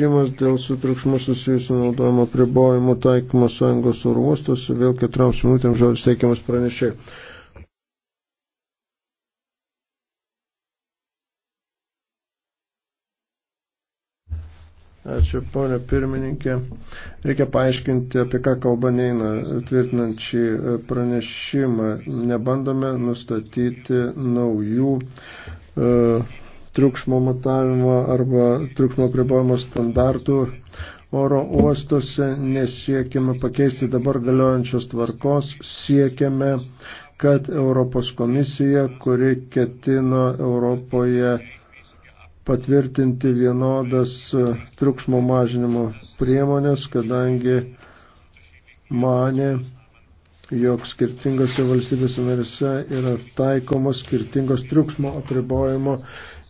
pranešimas dėl su triukšmu susijusių naudojimo pribojimų taikymo sąjungos uruostos. Vėl keturioms minutėms žodis teikiamas pranešiai. Ačiū, ponė pirmininkė. Reikia paaiškinti, apie ką kalba neina, tvirtinant šį pranešimą. Nebandome nustatyti naujų uh, triukšmo matavimo arba triukšmo pribojimo standartų oro uostose, nesiekime pakeisti dabar galiojančios tvarkos, siekiame, kad Europos komisija, kuri ketino Europoje patvirtinti vienodas e, triukšmo mažinimo priemonės, kadangi mane, jog skirtingose valstybėse narėse yra taikomos skirtingos triukšmo apribojimo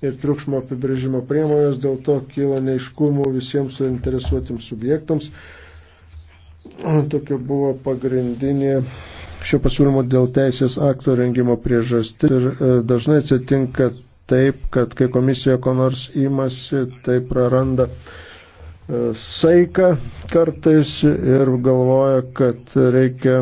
ir triukšmo apibrėžimo priemonės, dėl to kyla neiškumų visiems suinteresuotiems subjektams. Tokia buvo pagrindinė šio pasiūlymo dėl teisės akto rengimo priežasti. Ir e, dažnai atsitinka taip, kad kai komisija ko nors įmasi, tai praranda e, saiką kartais ir galvoja, kad reikia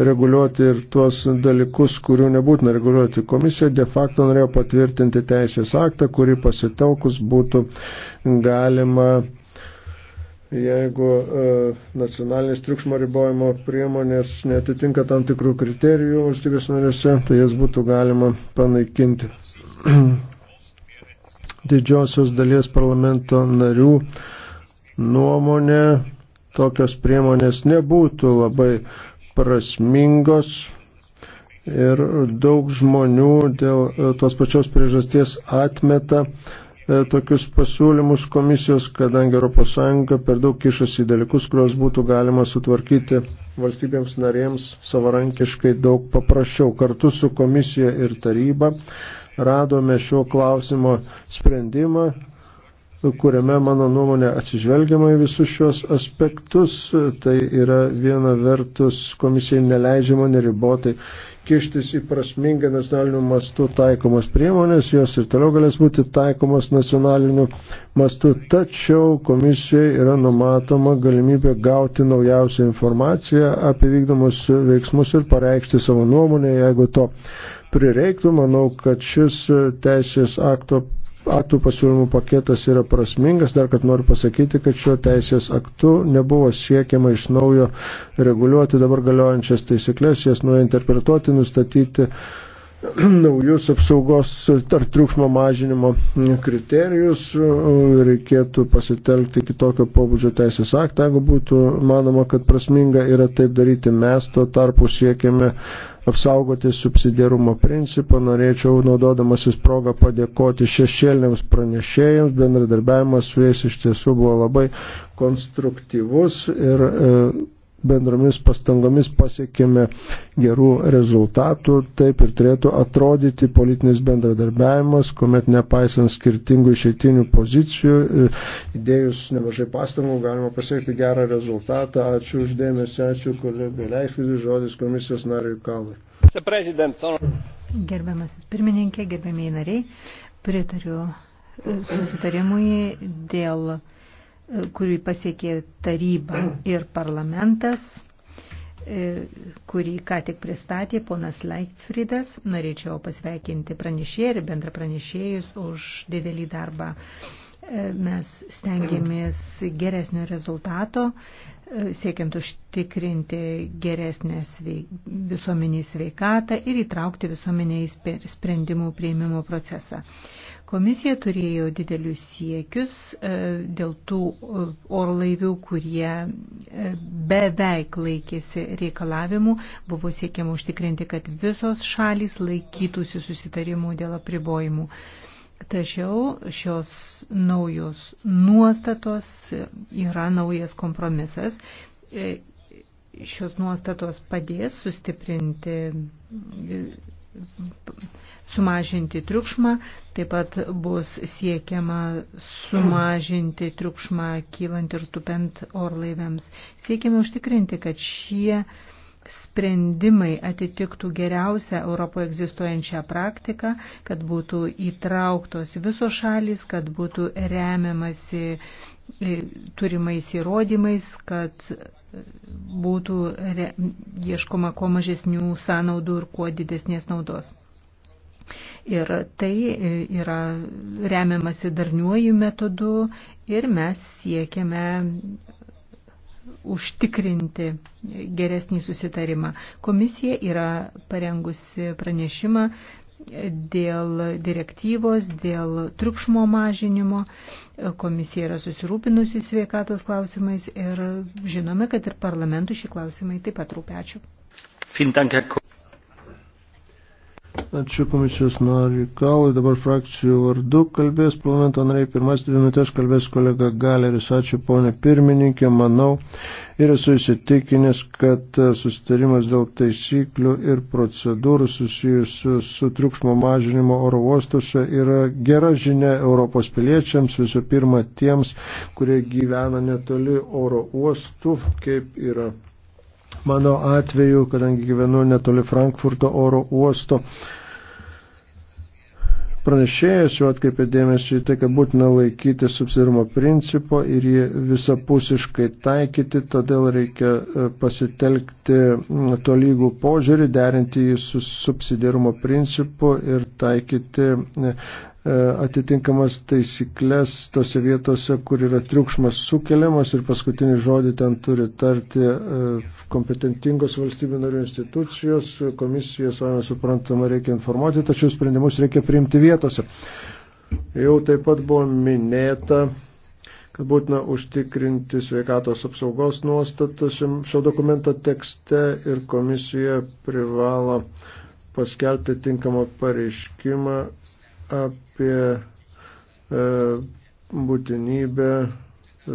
reguliuoti ir tuos dalykus, kurių nebūtina reguliuoti. Komisija de facto norėjo patvirtinti teisės aktą, kurį pasitelkus būtų galima, jeigu e, nacionalinės triukšmo ribojimo priemonės netitinka tam tikrų kriterijų valstybės narėse, tai jas būtų galima panaikinti. Didžiosios dalies parlamento narių nuomonė tokios priemonės nebūtų labai prasmingos ir daug žmonių dėl e, tos pačios priežasties atmeta e, tokius pasiūlymus komisijos, kadangi ES per daug kišasi į dalykus, kuriuos būtų galima sutvarkyti valstybėms narėms savarankiškai daug paprasčiau. Kartu su komisija ir taryba radome šio klausimo sprendimą, kuriame, mano nuomonė, atsižvelgiama į visus šios aspektus. Tai yra viena vertus komisijai neleidžiama neribotai kištis į prasmingą nacionalinių mastų taikomas priemonės, jos ir toliau galės būti taikomas nacionaliniu mastu, tačiau komisijai yra numatoma galimybė gauti naujausią informaciją apie vykdomus veiksmus ir pareikšti savo nuomonę, jeigu to prireiktų. Manau, kad šis teisės akto aktų pasiūlymų paketas yra prasmingas. Dar kad noriu pasakyti, kad šiuo teisės aktu nebuvo siekiama iš naujo reguliuoti dabar galiojančias taisyklės, jas nuinterpretuoti, nustatyti naujus apsaugos ar triukšmo mažinimo kriterijus, reikėtų pasitelkti kitokio pobūdžio teisės aktą, jeigu būtų manoma, kad prasminga yra taip daryti, mes tuo tarpu siekiame apsaugoti subsidiarumo principą. Norėčiau, naudodamasis progą, padėkoti šešėlėms pranešėjams, bendradarbiavimas su jais iš tiesų buvo labai konstruktyvus ir e, bendromis pastangomis pasiekėme gerų rezultatų, taip ir turėtų atrodyti politinis bendradarbiavimas, kuomet nepaisant skirtingų išeitinių pozicijų, įdėjus nemažai pastangų galima pasiekti gerą rezultatą. Ačiū uždėmesi, ačiū kolegai Leisvidį, žodis komisijos nariui Kalui. Gerbiamasis pirmininkė, gerbiamiai nariai, pritariu e, susitarimui dėl kurį pasiekė taryba ir parlamentas, e, kurį ką tik pristatė ponas Leichtfriedas. Norėčiau pasveikinti pranešėjai ir bendra pranešėjus už didelį darbą. Mes stengiamės geresnio rezultato, e, siekiant užtikrinti geresnę visuomenį sveikatą ir įtraukti visuomenę į sprendimų prieimimo procesą. Komisija turėjo didelius siekius e, dėl tų e, orlaivių, kurie beveik laikėsi reikalavimų. Buvo siekiama užtikrinti, kad visos šalys laikytųsi susitarimų dėl apribojimų. Tačiau šios naujos nuostatos yra naujas kompromisas. E, šios nuostatos padės sustiprinti, e, sumažinti triukšmą, taip pat bus siekiama sumažinti triukšmą kylant ir tupent orlaiviams. Siekiame užtikrinti, kad šie sprendimai atitiktų geriausią Europoje egzistuojančią praktiką, kad būtų įtrauktos visos šalys, kad būtų remiamasi e, turimais įrodymais, kad būtų re, ieškoma kuo mažesnių sąnaudų ir kuo didesnės naudos. Ir tai e, yra remiamasi darniuoju metodu ir mes siekiame užtikrinti geresnį susitarimą. Komisija yra parengusi pranešimą dėl direktyvos, dėl triukšmo mažinimo. Komisija yra susirūpinusi sveikatos klausimais ir žinome, kad ir parlamentui šį klausimai taip pat rūpečiu. Ačiū komisijos nariui Kalui. Dabar frakcijų vardu kalbės parlamento nariai. Pirmas dvi minutės kalbės kolega Galeris. Ačiū ponė pirmininkė. Manau ir esu įsitikinęs, kad sustarimas dėl taisyklių ir procedūrų susijusių su triukšmo mažinimo oro uostuose yra gera žinia Europos piliečiams, visų pirma tiems, kurie gyvena netoli oro uostų, kaip yra mano atveju, kadangi gyvenu netoli Frankfurto oro uosto. Pranešėjas jau atkreipė dėmesį į tai, kad būtina laikyti subsidirimo principo ir jį visapusiškai taikyti, todėl reikia e, pasitelkti tolygų požiūrį, derinti jį su subsidirimo principu ir taikyti E, atitinkamas taisyklės tose vietose, kur yra triukšmas sukeliamas ir paskutinį žodį ten turi tarti e, kompetentingos valstybių narių institucijos, komisija, savame suprantama, reikia informuoti, tačiau sprendimus reikia priimti vietose. Jau taip pat buvo minėta, kad būtina užtikrinti sveikatos apsaugos nuostatas šio dokumento tekste ir komisija privalo paskelbti tinkamą pareiškimą apie e, būtinybę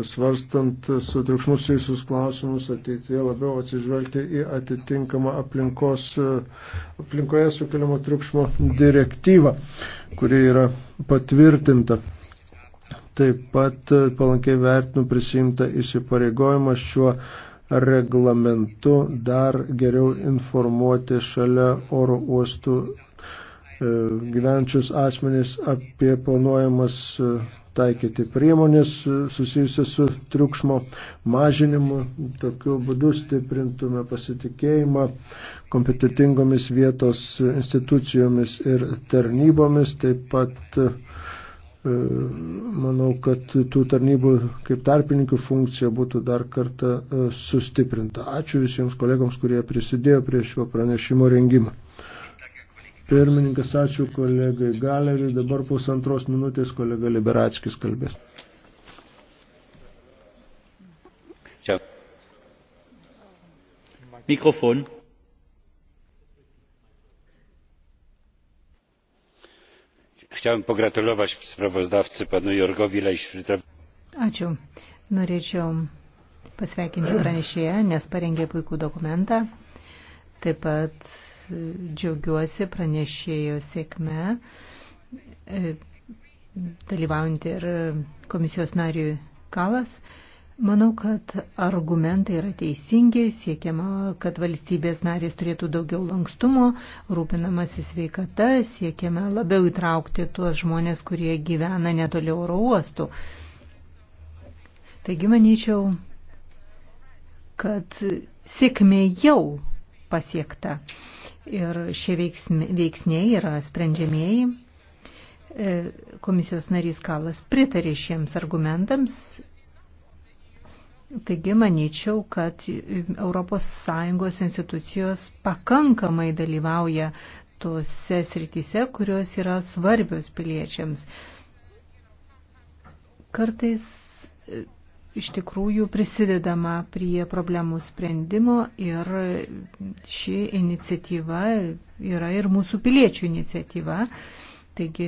svarstant su triukšmu susijusius klausimus ateityje labiau atsižvelgti į atitinkamą aplinkos, aplinkoje sukeliamo triukšmo direktyvą, kuri yra patvirtinta. Taip pat palankiai vertinu prisimtą įsipareigojimą šiuo reglamentu dar geriau informuoti šalia oro uostų E, gyvenčius asmenys apie planuojamas e, taikyti priemonės e, susijusias su triukšmo mažinimu. Tokiu būdu stiprintume pasitikėjimą kompetitingomis vietos institucijomis ir tarnybomis. Taip pat manau, kad tų tarnybų kaip tarpininkų funkcija būtų dar kartą sustiprinta. Ačiū visiems kolegoms, kurie prisidėjo prie šio pranešimo rengimo. Pirmininkas, ačiū kolegai Galeriui. Dabar pusantros minutės kolega Liberatskis kalbės. Čia. Mikrofon. Chciałem pogratulować sprawozdawcy panu Jorgowi Lejszfrydowi. Ačiū. Norėčiau pasveikinti pranešėją, nes parengė puikų dokumentą. Taip pat džiaugiuosi pranešėjo sėkme, e, dalyvaujant ir komisijos nariui Kalas. Manau, kad argumentai yra teisingi, siekiama, kad valstybės narės turėtų daugiau lankstumo, rūpinamasi sveikata, siekiama labiau įtraukti tuos žmonės, kurie gyvena netoli oro uostų. Taigi, manyčiau, kad sėkmė jau pasiekta. Ir šie veiksniai yra sprendžiamieji. E, komisijos narys Kalas pritarė šiems argumentams. Taigi manyčiau, kad ES institucijos pakankamai dalyvauja tose srityse, kurios yra svarbios piliečiams. Kartais iš tikrųjų prisidedama prie problemų sprendimo ir ši iniciatyva yra ir mūsų piliečių iniciatyva. Taigi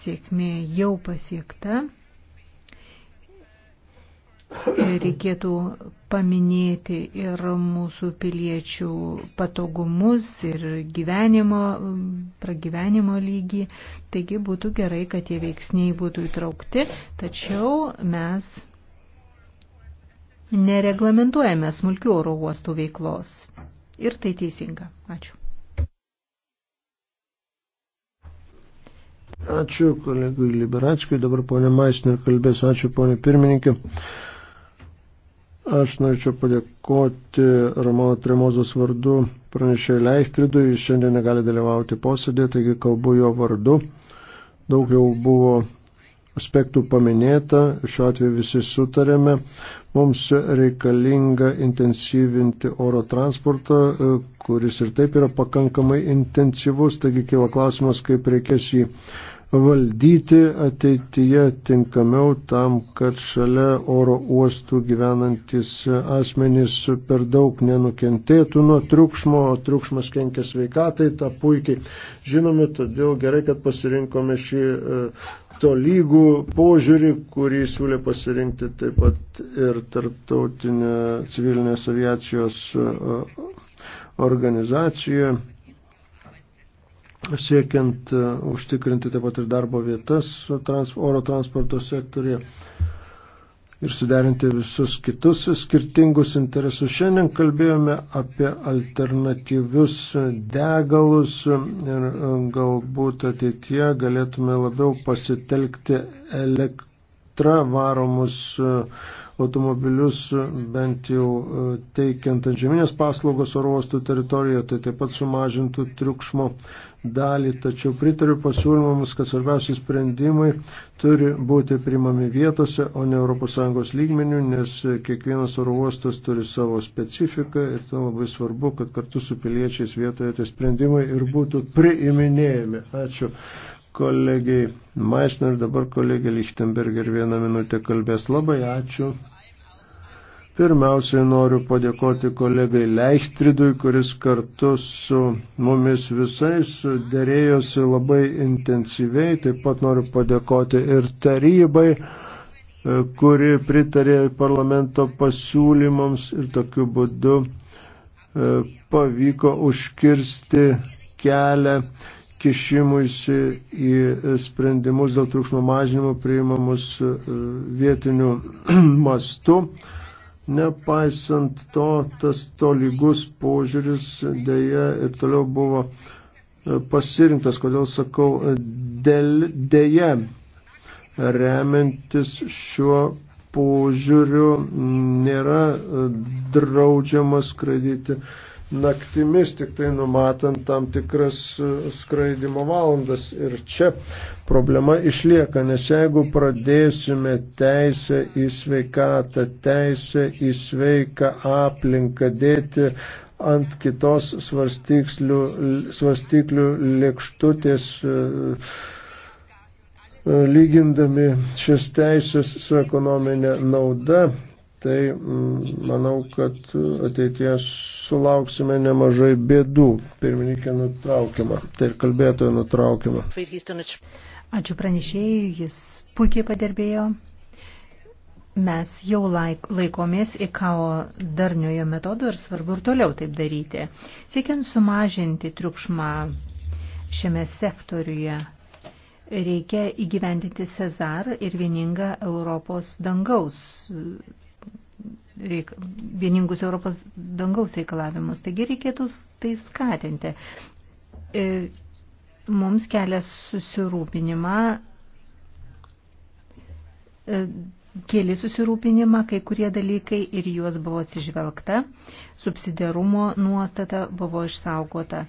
sėkmė jau pasiekta. Reikėtų paminėti ir mūsų piliečių patogumus ir gyvenimo, pragyvenimo lygį. Taigi būtų gerai, kad tie veiksniai būtų įtraukti, tačiau mes nereglamentuojame smulkių oro uostų veiklos. Ir tai teisinga. Ačiū. Ačiū kolegui Liberačkiui. Dabar ponė Maisner kalbės. Ačiū ponė pirmininkė. Aš norėčiau padėkoti Romano Tremozos vardu pranešėjai Leistridui. Jis šiandien negali dalyvauti posėdė, taigi kalbu jo vardu. Daug jau buvo aspektų paminėta, šiuo atveju visi sutarėme, mums reikalinga intensyvinti oro transportą, e, kuris ir taip yra pakankamai intensyvus, taigi kila klausimas, kaip reikės jį valdyti ateityje tinkamiau tam, kad šalia oro uostų gyvenantis asmenys per daug nenukentėtų nuo triukšmo, o triukšmas kenkia sveikatai, tą puikiai žinome, todėl gerai, kad pasirinkome šį e, tolygų požiūrį, kurį siūlė pasirinkti taip pat ir tarptautinė civilinės aviacijos e, organizacija siekiant e, užtikrinti taip pat ir darbo vietas trans, oro transporto sektorėje ir suderinti visus kitus skirtingus interesus. Šiandien kalbėjome apie alternatyvius degalus ir e, galbūt ateitie galėtume labiau pasitelkti elektrą varomus e, automobilius bent jau e, teikiant antžeminės paslaugos oro uostų teritorijoje, tai taip pat sumažintų triukšmo dalį. Tačiau pritariu pasiūlymams, kad svarbiausi sprendimai turi būti primami vietose, o ne ES lygmenių, nes kiekvienas oro uostas turi savo specifiką ir tai labai svarbu, kad kartu su piliečiais vietoje tie sprendimai ir būtų priiminėjami. Ačiū kolegiai Maisner, dabar kolegė Lichtenberger vieną minutę kalbės. Labai ačiū. Pirmiausiai noriu padėkoti kolegai Leichtridui, kuris kartu su mumis visais dėrėjosi labai intensyviai. Taip pat noriu padėkoti ir tarybai, kuri pritarė parlamento pasiūlymams ir tokiu būdu e, pavyko užkirsti kelią kišimuisi į sprendimus dėl triukšmo mažinimo priimamus e, vietiniu mastu. Nepaisant to, tas tolygus požiūris dėja ir toliau buvo e, pasirinktas, kodėl sakau, e, dėl, dėja, remiantis šiuo požiūriu nėra draudžiama skraidyti naktimis, tik tai numatant tam tikras e, skraidimo valandas. Ir čia problema išlieka, nes jeigu pradėsime teisę į sveikatą, teisę į sveiką aplinką dėti ant kitos svarstyklių, svarstyklių lėkštutės. E, e lygindami šias teisės su ekonominė nauda, tai mm, manau, kad ateitie sulauksime nemažai bėdų. Pirmininkė nutraukiama, tai ir kalbėtoja nutraukiama. Ačiū pranešėjai, jis puikiai padirbėjo. Mes jau laik, laikomės IKAO darniojo metodo ir svarbu ir toliau taip daryti. Siekiant sumažinti triukšmą šiame sektoriuje, reikia įgyvendinti Cezar ir vieningą Europos dangaus reik, vieningus Europos dangaus reikalavimus. Taigi reikėtų tai skatinti. E, mums kelia susirūpinimą, e, kėlė susirūpinimą kai kurie dalykai ir juos buvo atsižvelgta. Subsidiarumo nuostata buvo išsaugota.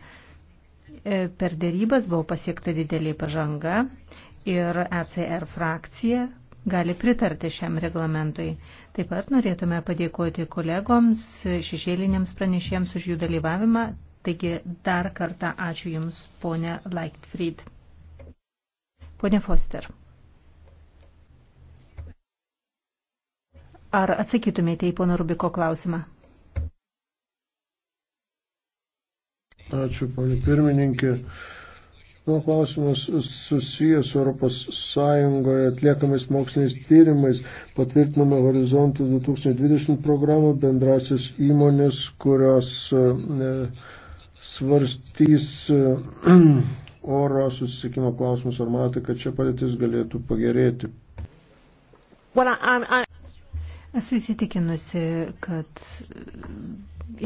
E, per dėrybas buvo pasiekta didelė pažanga ir ECR frakcija gali pritarti šiam reglamentui. Taip pat norėtume padėkoti kolegoms, šešėliniams pranešėjams už jų dalyvavimą. Taigi dar kartą ačiū Jums, ponė Leichtfried. Pone Foster. Ar atsakytumėte į pono Rubiko klausimą? Ačiū, ponė pirmininkė. Mano klausimas susijęs su ES atliekamais moksliniais tyrimais. Patvirtiname Horizontą 2020 programą bendrasis įmonės, kurios e, svarstys e, oro susisiekimo klausimus. Ar matote, kad čia padėtis galėtų pagerėti? Well, I, I... Esu įsitikinusi, kad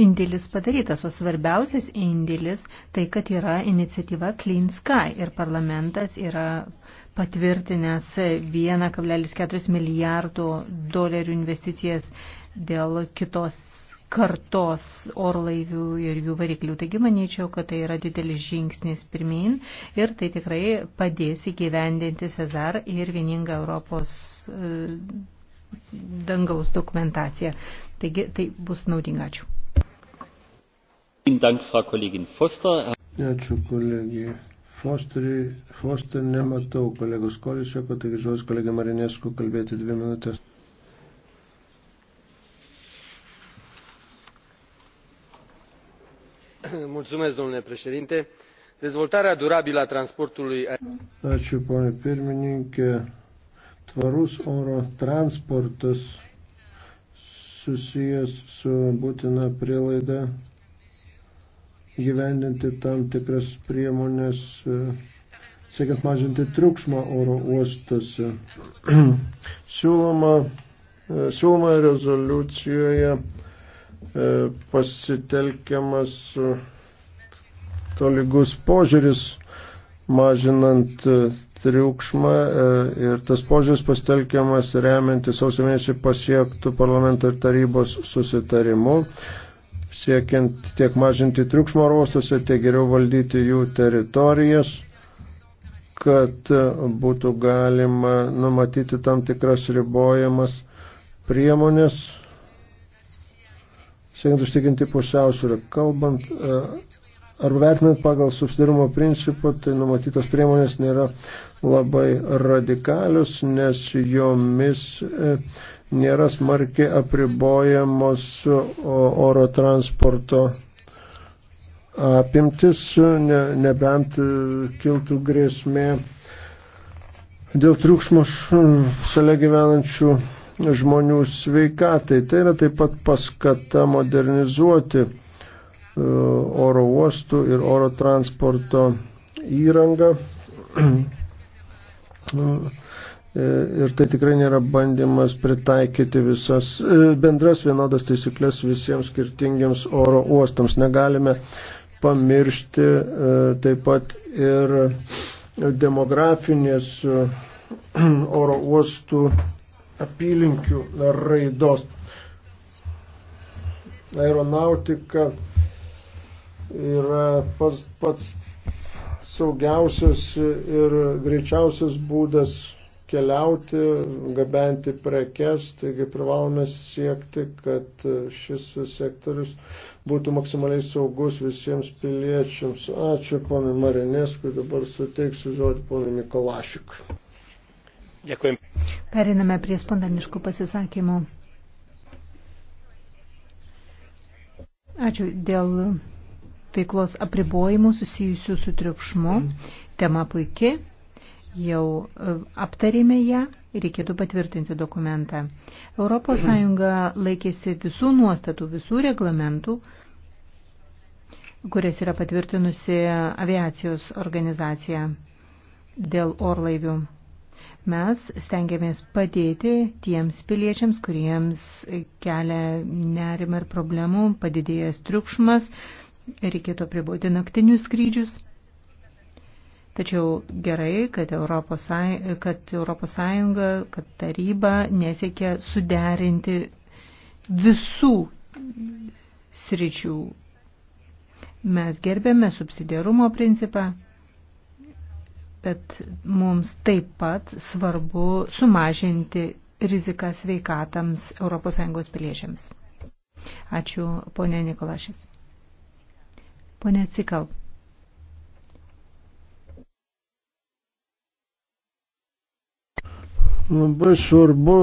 indėlis padarytas, o svarbiausias indėlis tai, kad yra iniciatyva Clean Sky ir parlamentas yra patvirtinęs 1,4 milijardų dolerių investicijas dėl kitos kartos orlaivių ir jų variklių. Taigi manyčiau, kad tai yra didelis žingsnis pirmin ir tai tikrai padės įgyvendinti Cezar ir vieningą Europos e, dangaus dokumentaciją. Taigi tai bus naudinga. Ačiū. Ačiū kolegijai. Fosterį, Foster nematau kolegos Kolišeko, taigi žodis kolegė Marinėskų kalbėti dvi minutės. Mulțumesc, domnule președinte. Dezvoltarea durabilă a transportului... Ačiū, ponė pirmininkė tvarus oro transportas susijęs su būtina prielaida gyvendinti tam tikras priemonės, e, siekiant mažinti triukšmą oro uostose. siūloma, e, siūloma rezoliucijoje e, pasitelkiamas tolygus požiūris, mažinant triukšmą e, ir tas požiūris pastelkiamas remiantis sausio mėnesį pasiektų parlamento ir tarybos susitarimu, siekiant tiek mažinti triukšmo ruostose, tiek geriau valdyti jų teritorijas kad e, būtų galima numatyti tam tikras ribojamas priemonės, siekiant užtikinti pusiausvyrą. Kalbant e, arba vertinant pagal subsidirumo principą, tai numatytos priemonės nėra labai radikalios, nes jomis e, nėra smarkiai apribojamos oro transporto apimtis, ne, nebent e, kiltų grėsmė dėl triukšmo šalia gyvenančių žmonių sveikatai. Tai yra taip pat paskata modernizuoti E, oro uostų ir oro transporto įrangą. E, ir tai tikrai nėra bandymas pritaikyti visas e, bendras vienodas taisyklės visiems skirtingiams oro uostams. Negalime pamiršti taip pat ir demografinės oro uostų apylinkių raidos. Aeronautika yra pats, pats saugiausias ir greičiausias būdas keliauti, gabenti prekes, taigi privalome siekti, kad šis sektorius būtų maksimaliai saugus visiems piliečiams. Ačiū ponui Marineskui, dabar suteiksiu žodį ponui Nikolašikui. Dėkui. Periname prie spontaniškų pasisakymų. Ačiū dėl veiklos apribojimų susijusių su triukšmu. Tema puikia, jau e, aptarėme ją ir reikėtų patvirtinti dokumentą. ES laikėsi visų nuostatų, visų reglamentų, kurias yra patvirtinusi aviacijos organizacija dėl orlaivių. Mes stengiamės padėti tiems piliečiams, kuriems kelia nerima ir problemų, padidėjęs triukšmas, reikėtų apriboti naktinius skrydžius. Tačiau gerai, kad Europos, kad Europos Sąjunga, kad taryba nesiekia suderinti visų sričių. Mes gerbėme subsidiarumo principą, bet mums taip pat svarbu sumažinti riziką sveikatams ES piliečiams. Ačiū, ponė Nikolašis. Pone Cikau. Labai svarbu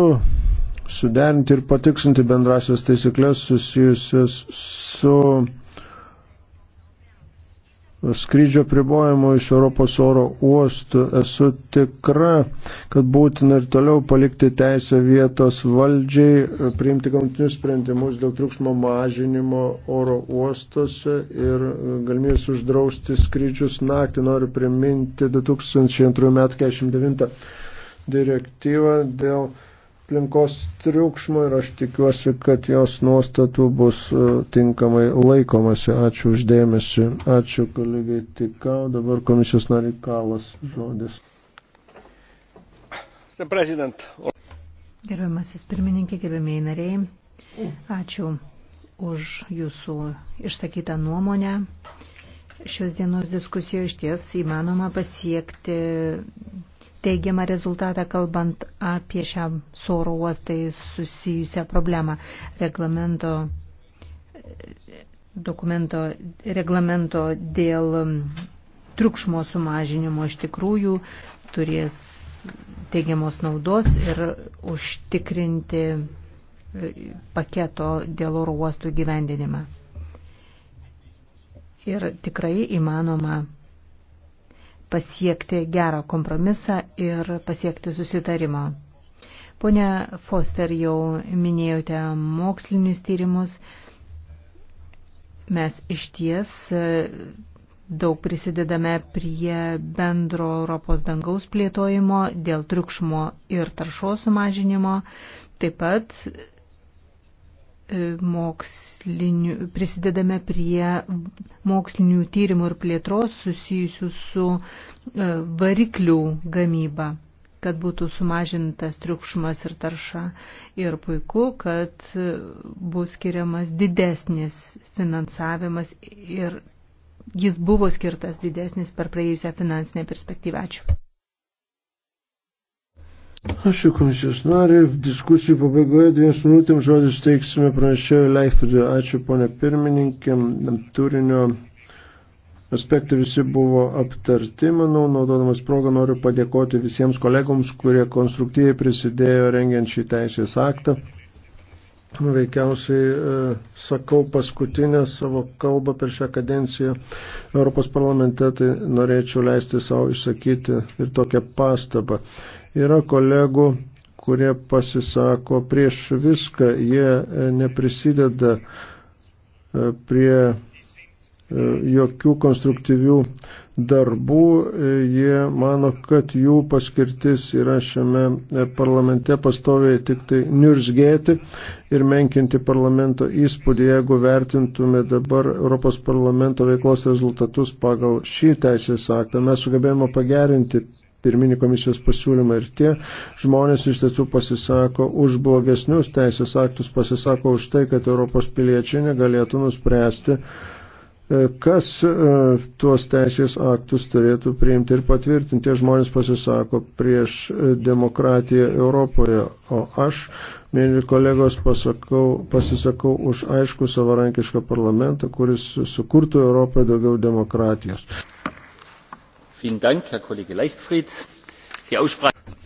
suderinti ir patiksinti bendrasias taisyklės susijusias su skrydžio pribojimo iš Europos oro uostų. Esu tikra, kad būtina ir toliau palikti teisę vietos valdžiai, e, priimti gamtinius sprendimus dėl triukšmo mažinimo oro uostose ir e, galimybės uždrausti skrydžius naktį. Noriu priminti 2002 m. 49 direktyvą dėl aplinkos triukšmo ir aš tikiuosi, kad jos nuostatų bus e, tinkamai laikomasi. Ačiū uždėmesi. Ačiū kolegai Tikau. Dabar komisijos nariai Kalas žodis. Gerbiamasis pirmininkė, gerbėmiai nariai, ačiū už jūsų išsakytą nuomonę. Šios dienos diskusijoje iš ties įmanoma pasiekti teigiamą rezultatą, kalbant apie šią soro uostai susijusią problemą. Reglamento, dokumento, reglamento dėl um, triukšmo sumažinimo iš tikrųjų turės teigiamos naudos ir užtikrinti e, paketo dėl oro uostų gyvendinimą. Ir tikrai įmanoma pasiekti gerą kompromisą ir pasiekti susitarimą. Pone Foster, jau minėjote mokslinius tyrimus. Mes iš ties e, daug prisidedame prie bendro Europos dangaus plėtojimo dėl triukšmo ir taršos sumažinimo. Taip pat mokslinių, prisidedame prie mokslinių tyrimų ir plėtros susijusių su e, variklių gamyba, kad būtų sumažintas triukšmas ir tarša. Ir puiku, kad e, bus skiriamas didesnis finansavimas ir jis buvo skirtas didesnis per praėjusią finansinę perspektyvą. Ačiū. Ačiū komisijos nariui. Diskusijų pabaigoje dvies minutėm žodis teiksime pranešėjui Leifridui. Ačiū ponė pirmininkė. Turinio aspektai visi buvo aptarti. Manau, naudodamas progą noriu padėkoti visiems kolegoms, kurie konstruktyviai prisidėjo rengiant šį teisės aktą. Veikiausiai e, sakau paskutinę savo kalbą per šią kadenciją Europos parlamente, tai norėčiau leisti savo išsakyti ir tokią pastabą. Yra kolegų, kurie pasisako prieš viską, jie e, neprisideda e, prie e, jokių konstruktyvių darbų, jie mano, kad jų paskirtis yra šiame parlamente pastoviai tik tai niurzgėti ir menkinti parlamento įspūdį, jeigu vertintume dabar Europos parlamento veiklos rezultatus pagal šį teisės aktą. Mes sugebėjome pagerinti pirminį komisijos pasiūlymą ir tie žmonės iš tiesų pasisako už blogesnius teisės aktus, pasisako už tai, kad Europos piliečiai negalėtų nuspręsti, e, kas e, tuos teisės aktus turėtų priimti ir patvirtinti. Tie žmonės pasisako prieš e, demokratiją Europoje, o aš, mėly kolegos, pasakau, pasisakau už aišku savarankišką parlamentą, kuris sukurtų Europoje daugiau demokratijos.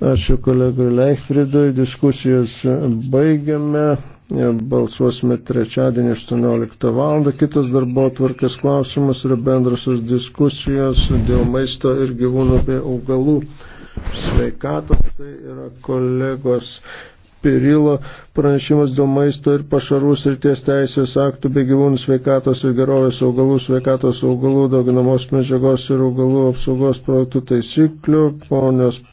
Ačiū kolegui Leichtfriedui, diskusijas baigiame, balsuosime trečiadienį 18 val. Kitas darbo tvarkės klausimas yra bendrasios diskusijos dėl maisto ir gyvūnų bei augalų sveikatos. Tai yra kolegos Pirilo pranešimas dėl maisto ir pašarų srities teisės aktų bei gyvūnų sveikatos ir gerovės augalų, sveikatos augalų, dauginamos medžiagos ir augalų apsaugos projektų taisyklių. Ponios